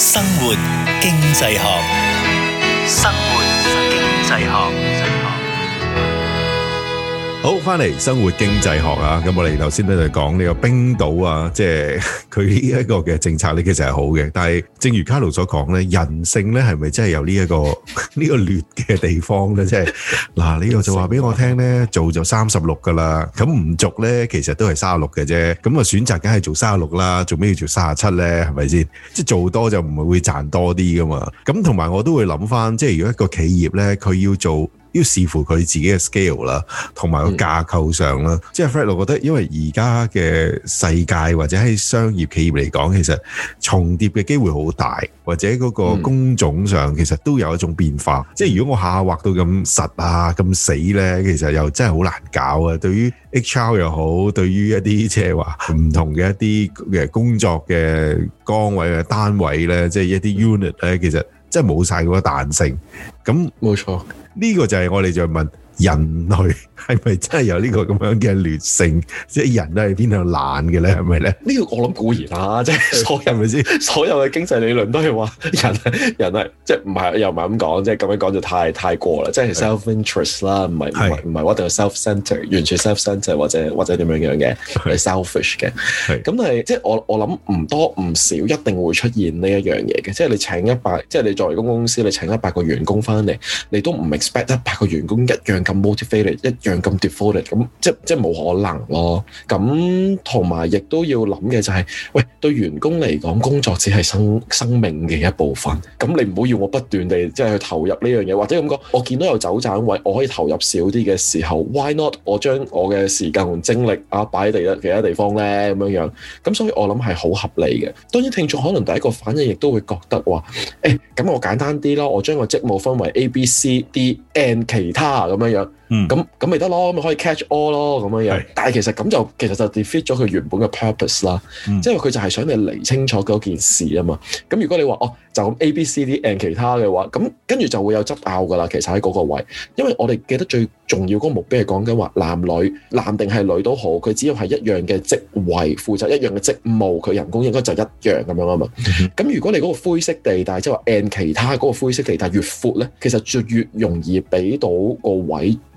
生活經濟學，生活經濟學。好，翻嚟生活經濟學啊！咁我哋頭先咧就講呢個冰島啊，即係佢呢一個嘅政策咧，其實係好嘅。但係正如卡洛所講咧，人性咧係咪真係有呢、這、一個呢 個劣嘅地方咧？即係嗱，這個、 呢個就話俾我聽咧，做就三十六噶啦，咁唔做咧，其實都係三十六嘅啫。咁啊，選擇梗係做三十六啦，做咩要做三十七咧？係咪先？即係做多就唔係會賺多啲噶嘛？咁同埋我都會諗翻，即係如果一個企業咧，佢要做。要視乎佢自己嘅 scale 啦，同埋個架構上啦。嗯、即係 Fred，我覺得因為而家嘅世界或者喺商業企業嚟講，其實重疊嘅機會好大，或者嗰個工種上其實都有一種變化。嗯、即係如果我下滑到咁實啊咁死咧，其實又真係好難搞啊。對於 HR 又好，對於一啲即係話唔同嘅一啲嘅工作嘅崗位嘅單位咧，即係一啲 unit 咧，其實。即係冇晒嗰個彈性，咁，冇錯，呢個就係我哋再問人類。係咪真係有呢個咁樣嘅劣性？即係人都係偏向懶嘅咧，係咪咧？呢個我諗固然啦，即係所有係咪先？所有嘅經濟理論都係話人，人係即係唔係又唔係咁講，即係咁樣講就太太過啦。即係 self-interest 啦，唔係唔係唔係話一定 self-centered，完全 self-centered 或者或者點樣樣嘅，係 selfish 嘅。咁係的的即係我我諗唔多唔少一定會出現呢一樣嘢嘅。即係你請一百，即係你作為公公司你請一百個員工翻嚟，你都唔 expect 一百個員工，一，個員工一樣咁 motivated 一。咁 default 咁，即即係冇可能咯。咁同埋亦都要諗嘅就係、是，喂，對員工嚟講，工作只係生生命嘅一部分。咁你唔好要，要我不斷地即係、就是、去投入呢樣嘢，或者咁講，我見到有走盞位，我可以投入少啲嘅時候，why not？我將我嘅時間同精力啊擺喺第一其他地方呢？咁樣樣。咁所以，我諗係好合理嘅。當然，聽眾可能第一個反應亦都會覺得話，誒、哎，咁我簡單啲咯，我將個職務分為 A、B、C、D n 其他咁樣樣。嗯，咁咁咪得咯，咁咪可,可以 catch all 咯，咁樣樣。但係其實咁就其實就 defeat 咗佢原本嘅 purpose 啦。即係佢就係想你釐清楚嗰件事啊嘛。咁如果你話哦，就咁 A、B、C、D and 其他嘅話，咁跟住就會有執拗噶啦。其實喺嗰個位，因為我哋記得最重要嗰個目標係講緊話男女，男定係女都好，佢只要係一樣嘅職位，負責一樣嘅職務，佢人工應該就一樣咁樣啊嘛。咁 如果你嗰個灰色地帶，即係話 and 其他嗰個灰色地帶越闊咧，其實就越容易俾到個位。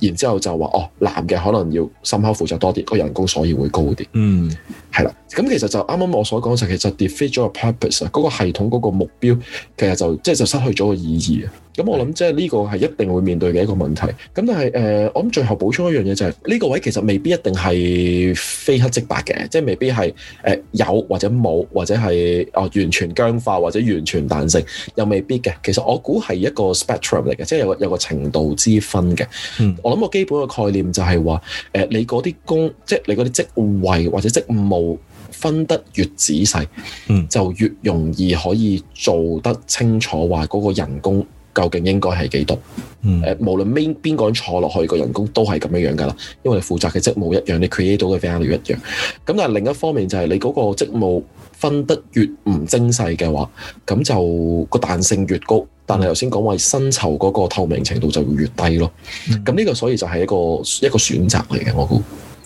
然之後就話哦，男嘅可能要心口負責多啲，個人工所以會高啲。嗯，係啦。咁其實就啱啱我所講就其實 Defeat 咗個 purpose 嗰個系統嗰個目標，其實就即係就失去咗個意義啊。咁我諗即係呢個係一定會面對嘅一個問題。咁但係誒、呃，我諗最後補充一樣嘢就係呢個位其實未必一定係非黑即白嘅，即係未必係誒、呃、有或者冇或者係哦完全僵化或者完全彈性又未必嘅。其實我估係一個 spectrum 嚟嘅，即係有個有，有個程度之分嘅。嗯。我諗個基本嘅概念就係話，誒、呃、你嗰啲工，即係你嗰啲職位或者職務分得越仔細，嗯，就越容易可以做得清楚話嗰個人工。究竟應該係幾多？誒、嗯，無論邊邊個人坐落去，個人工都係咁樣樣㗎啦。因為你負責嘅職務一樣，你 create 到嘅 value 一樣。咁但係另一方面就係你嗰個職務分得越唔精細嘅話，咁就個彈性越高，但係頭先講話薪酬嗰個透明程度就會越低咯。咁呢、嗯、個所以就係一個一個選擇嚟嘅，我估。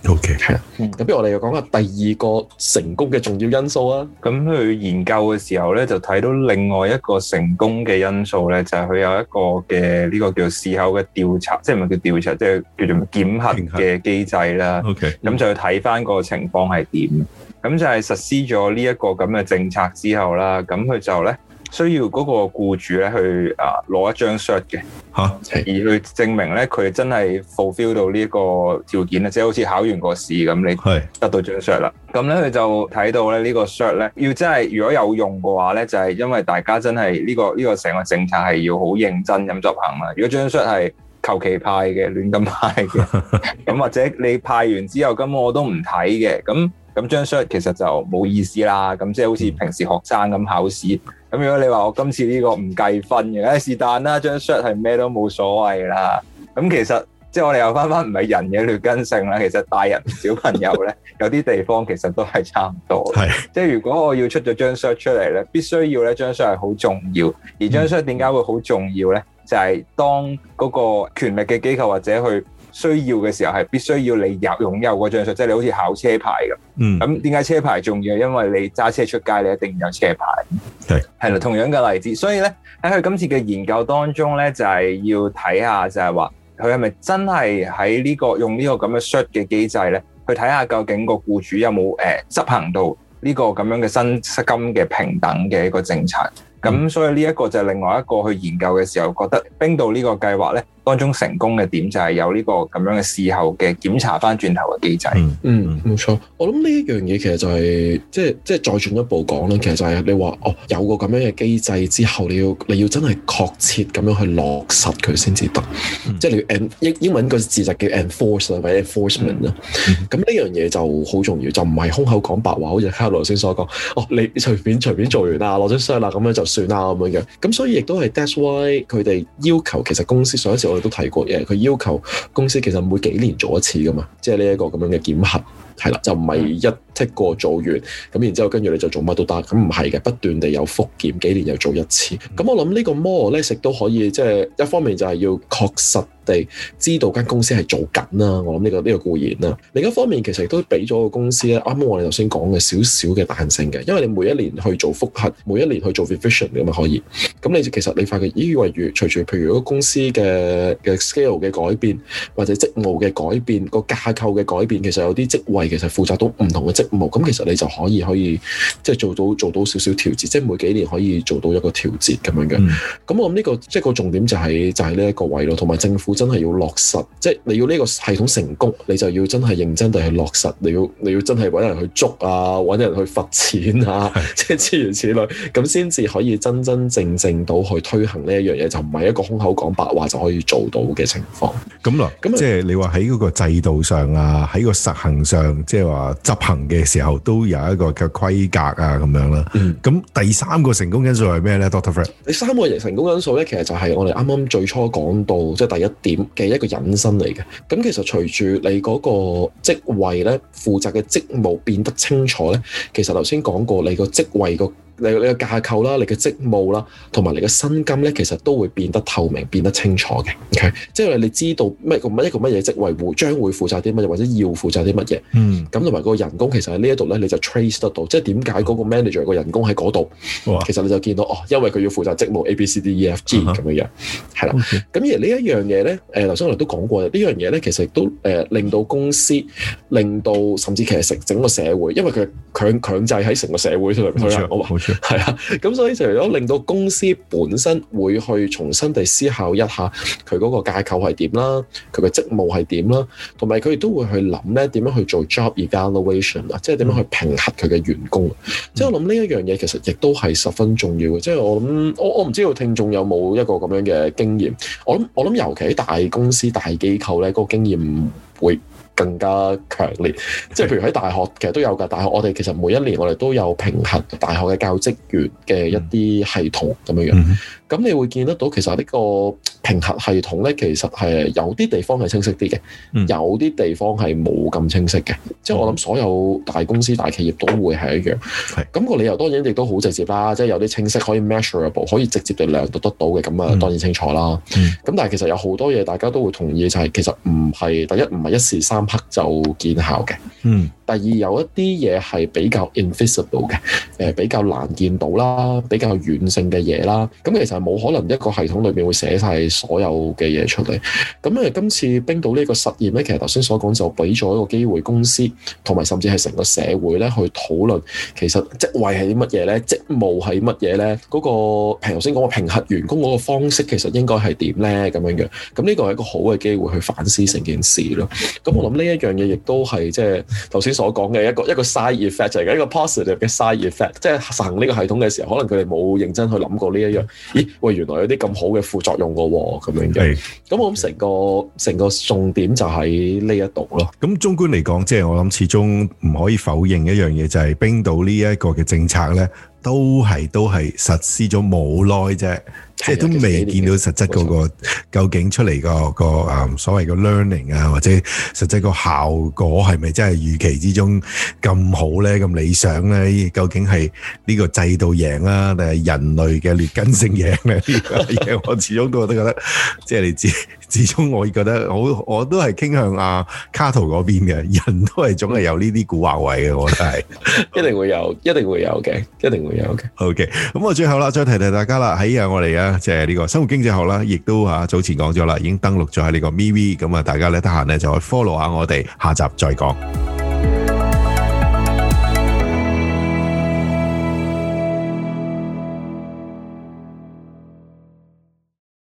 O K，係啊，咁不如我哋又講下第二個成功嘅重要因素啦。咁佢研究嘅時候咧，就睇到另外一個成功嘅因素咧，就係佢有一個嘅呢個叫事後嘅調查，即係唔係叫調查，即係叫做檢核嘅機制啦。O K，咁就要睇翻個情況係點。咁就係實施咗呢一個咁嘅政策之後啦，咁佢就咧。需要嗰個僱主咧去啊攞一張 cert 嘅嚇，哈而去證明咧佢真係 fulfill 到呢個條件啦，即、就、係、是、好似考完個試咁，你係得到張 cert 啦。咁咧佢就睇到咧呢個 cert 咧，要真係如果有用嘅話咧，就係、是、因為大家真係呢、這個呢、這個成個政策係要好認真咁執行嘛。如果張 cert 係求其派嘅、亂咁派嘅，咁 或者你派完之後根本我都唔睇嘅，咁咁張 cert 其實就冇意思啦。咁即係好似平時學生咁考試。咁如果你話我今次呢個唔計分嘅，哎是但啦，張 shot 係咩都冇所謂啦。咁其實即係我哋又翻翻唔係人嘅劣根性啦。其實大人小朋友咧， 有啲地方其實都係差唔多。係 即係如果我要出咗張 shot 出嚟咧，必須要咧張 shot 係好重要。而張 shot 點解會好重要咧？嗯、就係當嗰個權力嘅機構或者去。需要嘅時候係必須要你有擁有個證書，即、就、係、是、你好似考車牌咁。咁點解車牌重要？因為你揸車出街，你一定有車牌。係係啦，同樣嘅例子。所以咧，喺佢今次嘅研究當中咧，就係、是、要睇下就係話佢係咪真係喺呢個用呢個咁嘅 shut 嘅機制咧，去睇下究竟個僱主有冇誒、呃、執行到呢個咁樣嘅薪資金嘅平等嘅一個政策。咁、嗯、所以呢一個就係另外一個去研究嘅時候覺得冰島呢個計劃咧。當中成功嘅點就係有呢個咁樣嘅事後嘅檢查翻轉頭嘅機制。嗯，冇、嗯、錯。我諗呢一樣嘢其實就係、是、即係即係再進一步講啦。其實就係你話哦，有個咁樣嘅機制之後，你要你要真係確切咁樣去落實佢先至得。嗯、即係你要英英文個字就叫 enforce 啊或者、嗯、enforcement 啦。咁呢樣嘢就好重要，就唔係空口講白話。好似卡洛先所講，哦，你隨便隨便做完啦、啊，攞張收據啦，咁樣就算啦咁樣樣。咁所以亦都係 that's why 佢哋要求其實公司上一次都提過嘅，佢要求公司其實每幾年做一次噶嘛，即係呢一個咁樣嘅檢核。係啦，就唔係一 tick 過做完咁，然之後跟住你就做乜都得，咁唔係嘅，不斷地有復檢，幾年又做一次。咁我諗呢個 model 咧，亦都可以，即係一方面就係要確實地知道間公司係做緊啦。我諗呢個呢個固然啦，另一方面其實亦都俾咗個公司咧，啱啱我哋頭先講嘅少少嘅彈性嘅，因為你每一年去做複核，每一年去做 revision 咁嘛。可以。咁你其實你發覺，依與隨住譬如個公司嘅嘅 scale 嘅改變，或者職務嘅改變，個架構嘅改變，其實有啲職位。其實負責到唔同嘅職務，咁其實你就可以可以即係做到做到少少調節，即係每幾年可以做到一個調節咁、嗯、樣嘅。咁我諗呢、呢個即係、呢個重點就係、係、就係呢一個位咯。同埋政府真係要落實，即、就、係、係、你要呢個系統成功，你就要真係認真地去落實，你要你要真係揾人去捉啊，揾人去罰錢啊，是的 即係諸如此類，咁先至可以真真正正到去推行呢一樣嘢，就唔係一個空口講白話就可以做到嘅情況。咁啦，即係你話喺嗰個制度上啊，喺個實行上。 即係話執行嘅時候都有一個嘅規格啊，咁樣啦。咁、嗯、第三個成功因素係咩咧，Doctor Frank？第三個成功因素咧，其實就係我哋啱啱最初講到，即係第一點嘅一個引申嚟嘅。咁其實隨住你嗰個職位咧，負責嘅職務變得清楚咧，其實頭先講過你個職位個。你你嘅架構啦，你嘅職務啦，同埋你嘅薪金咧，其實都會變得透明、變得清楚嘅。即係你知道咩一個乜嘢職位會將會負責啲乜嘢，或者要負責啲乜嘢。咁同埋個人工其實喺呢一度咧，你就 trace 得到。即係點解嗰個 manager 個人工喺嗰度？其實你就見到哦，因為佢要負責職務 A、B、C、D、E、F、G 咁嘅樣，係啦。咁而呢一樣嘢咧，誒，頭先我哋都講過呢樣嘢咧，其實亦都誒令到公司，令到甚至其實成整個社會，因為佢強強制喺成個社會係啦，咁所以除咗令到公司本身會去重新地思考一下佢嗰個架構係點啦，佢嘅職務係點啦，同埋佢亦都會去諗咧點樣去做 job evaluation 啊，即係點樣去評核佢嘅員工。嗯、即係我諗呢一樣嘢其實亦都係十分重要嘅。即係我諗我我唔知道聽眾有冇一個咁樣嘅經驗。我諗我諗尤其喺大公司大機構咧，嗰個經驗會。更加強烈，即係譬如喺大學其實都有㗎。大學我哋其實每一年我哋都有平衡大學嘅教職員嘅一啲系統咁、嗯、樣。嗯咁你會見得到其實呢個評核系統咧，其實係有啲地方係清晰啲嘅，嗯、有啲地方係冇咁清晰嘅。嗯、即係我諗所有大公司大企業都會係一樣。咁是個理由當然亦都好直接啦，即係有啲清晰可以 measurable，可以直接地量度得到嘅咁啊當然清楚啦。咁、嗯、但係其實有好多嘢大家都會同意，就係、是、其實唔係第一唔係一時三刻就見效嘅。嗯、第二有一啲嘢係比較 invisible 嘅，誒、呃、比較難見到啦，比較軟性嘅嘢啦。咁其實冇可能一個系統裏面會寫晒所有嘅嘢出嚟。咁誒，今次冰島呢個實驗咧，其實頭先所講就俾咗一個機會公司同埋甚至係成個社會咧去討論，其實職位係啲乜嘢咧，職務係乜嘢咧，嗰個平頭先講嘅評核員工嗰個方式其實應該係點咧咁樣嘅。咁呢個係一個好嘅機會去反思成件事咯。咁我諗呢一樣嘢亦都係即係頭先所講嘅一個一個 side effect，就係一個 positive 嘅 side effect。即係實行呢個系統嘅時候，可能佢哋冇認真去諗過呢一樣。喂，原來有啲咁好嘅副作用㗎喎，咁樣嘅。係，咁我諗成個成個重點就喺呢一度咯。咁中觀嚟講，即係我諗始終唔可以否認一樣嘢，就係冰島呢一個嘅政策咧。都係都係實施咗冇耐啫，即係都未見到實質嗰個究竟出嚟個個誒所謂嘅 learning 啊，或者實質個效果係咪真係預期之中咁好咧、咁理想咧？究竟係呢個制度贏啦、啊，定係人類嘅劣根性贏咧、啊？呢個嘢我始終都我都覺得，即係你知。始終我覺得我，我都係傾向阿卡圖嗰邊嘅，人都係總係有呢啲古惑位嘅，我都係 一定會有，一定會有嘅，一定會有嘅。OK，咁我最後啦，再提提大家啦，喺啊我哋啊即係呢個生活經濟學啦，亦都啊早前講咗啦，已經登陸咗喺呢個 MeWe，咁啊大家咧得閒咧就去 follow 下、啊、我哋，下集再講。